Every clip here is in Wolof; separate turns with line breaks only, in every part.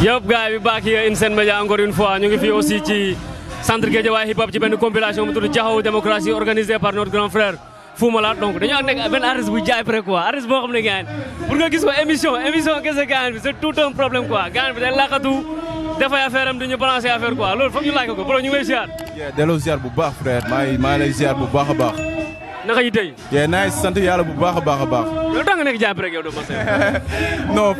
yëpp gars yi baak yi in seen média encore une fois ñu ngi fii aussi ci centre Guédiawaye hip hop ci benn compilation bu tudd Jaxaw démocratie organisée par grand frère Fou Malade donc dañoo nekk benn artiste bu jaay pré quoi artiste boo xam ne gars pour nga gis ko émission émission kese gars bi c'est tout un problème quoi gars bi day laqatu dafay affaire am duñu balancé affaire quoi loolu foog ñu laaj ko bro ñu ngi
lay a baax. naka yi tey. yee naay sant yàlla
loolu da nga jàpp rek yow doo Basse.
non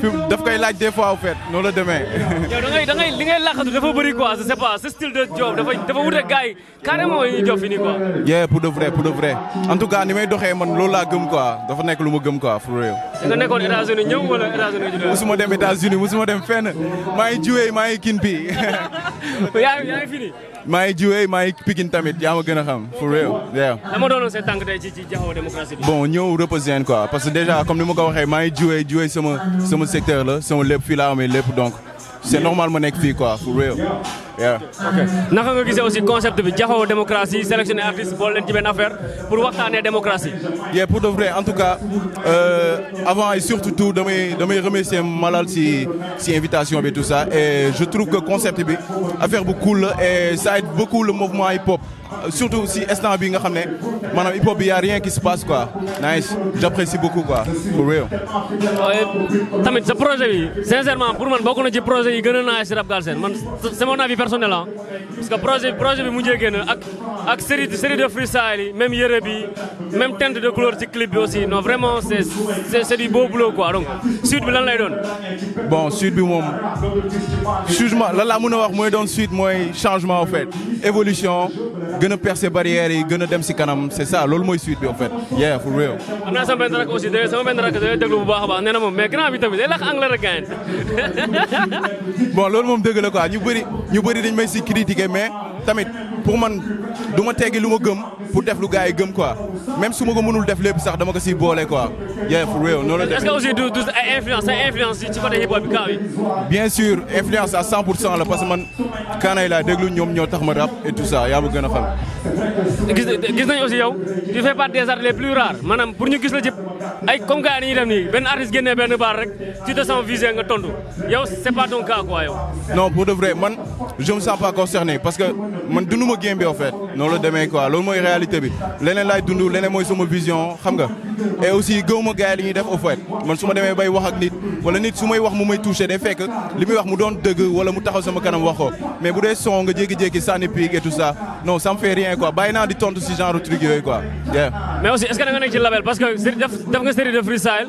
fi laaj des fois au fait noonu la demee.
yow da ngay da ngay dafa bëri quoi je sais pas ce style de job dafa dafa wute gars yi carrément yi ñuy job fi nii quoi.
yeah pour de vrai pour de vrai en tout cas may doxee man loolu laa gëm quoi dafa nekk lu ma gëm ko pour réew. da nga nekkoon États-Unis ñëw wala
États-Unis juddoo. musuma
dem États-Unis musuma dem fenn maa ngi juwee maa ngi kin bi.
fini.
maa ngi jiwee maa ngi Pikine tamit yaa ma gën a xam for real yeah.
dama doonoon tànk tey ci ci Jaxaw démocratie bi. bon
ñëw représente quoi parce que déjà comme ni ma ko waxee maa ngi jiwee jiwee sama sama secteur la sama lépp fii laa amee lépp donc. c'est normal mon équipe quoi for real yeah. ok naka nga aussi concept
de la démocratie sélectionner artiste boole leen ci benn affaire pour la démocratie.
yeah pour de vrai en tout cas euh, avant et surtout tout de me remercier Malal si si invitation et tout ça et je trouve que concept bi affaire beaucoup cool et ça aide beaucoup le mouvement hip hop. surtout si Estan bi nga ramené, ne hip hop il y' a rien qui se passe quoi nice j'apprécie beaucoup quoi for real. tamit Ce projet sincèrement pour
moi beaucoup de projets projet yi gën a naaj si rap man c'est mon avis personnel ah. parce que projet projet bi mujjee génn ak ak série série de freestyle yi même yére bi même teinte de couleur ci clip bi aussi non vraiment c'est c'est du beau boulot quoi donc suite bi lan lay doon.
bon suite bi moom changement lan laa mën a wax mooy doon suite mooy changement en fait évolution gën a percer barrières yi gën a dem si kanam c'est ça loolu mooy suite bi en fait. yeah for real.
am naa sama benn rak aussi sama benn rak déglu bu baax a baax nee na moom mais grand bi tamit day lakk anglais rek gaañ.
bon loolu moom dëgg la quoi ñu bëri ñu bëri dañ may si critiquer mais tamit pour man du ma teggi lu ma gëm pour def lu gars gëm quoi même su ma ko mënul def lépp sax dama ko siy boole quoi. yeah for real non. la est-ce que aussi
tu du influence ay influence ci côté hip hop bi
bien sûr influence à 100 pour parce que man kaanay la déglu ñoom ñoo tax ma rap et tout ça yaa ma gën a xam.
gis gis nañ aussi yow tu fais partie des artistes les plus rares maanaam pour ñu gis la ci ay comme gars yi ñuy def nii benn artiste génnee benn bar, rek ci 200 visé nga tontu yow c'est pas ton cas quoi yow.
non pour de vrai man je me sens pas concerné parce que man dund ma game bi en fait non la demee quoi loolu moy réalité bi leneen lay dundou leneen moy sama vision xam nga et aussi gëw gaay li ñuy def au fait man suma démé bay wax ak nit wala nit su wax mu may toucher day fekk limi wax mu doon deug wala mu taxaw sama kanam waxo mais bu dee son nga jékki-jékki sànni pique et tout ça non ça me fait rien quoi bàyyi naa di tontu ci genre truc yoy quoi yeah
mais aussi est-ce que da nga nekk ci label parce que def nga série de freestyle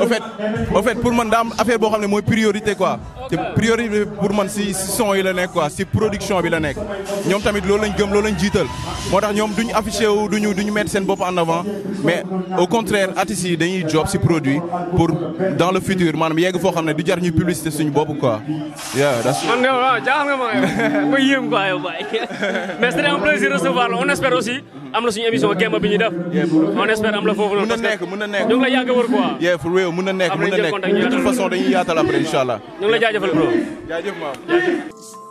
en fait en fait pour man daa affaire boo xam ne priorité quoi te priorité pour man si son yi la nekk quoi si production bi la nekk ñoom tamit loolu lañ gëm loolu lañ jiital moo tax ñoom duñ affiché wu duñu duñu mettre seen bopp en avant mais au contraire artistes yi dañuy job si produit pour dans le futur maanaam yegg foo xam ne du jar ñuy publicité suñu bopp quoi yeah that's man
nga waaw jaaxal nga ma yow ma quoi yow Baye mais c'est un plaisir recevoir la on espère aussi am la suñu émission Gemba bi ñuy def. on espère am la foofu na nekk mën na nekk ñu ngi a wër quoi.
yeah for real mën na nekk mën na nekk de toute façon dañuy yaatal après incha allah. ñu ngi la jaajëfal bro. jaajëf maam.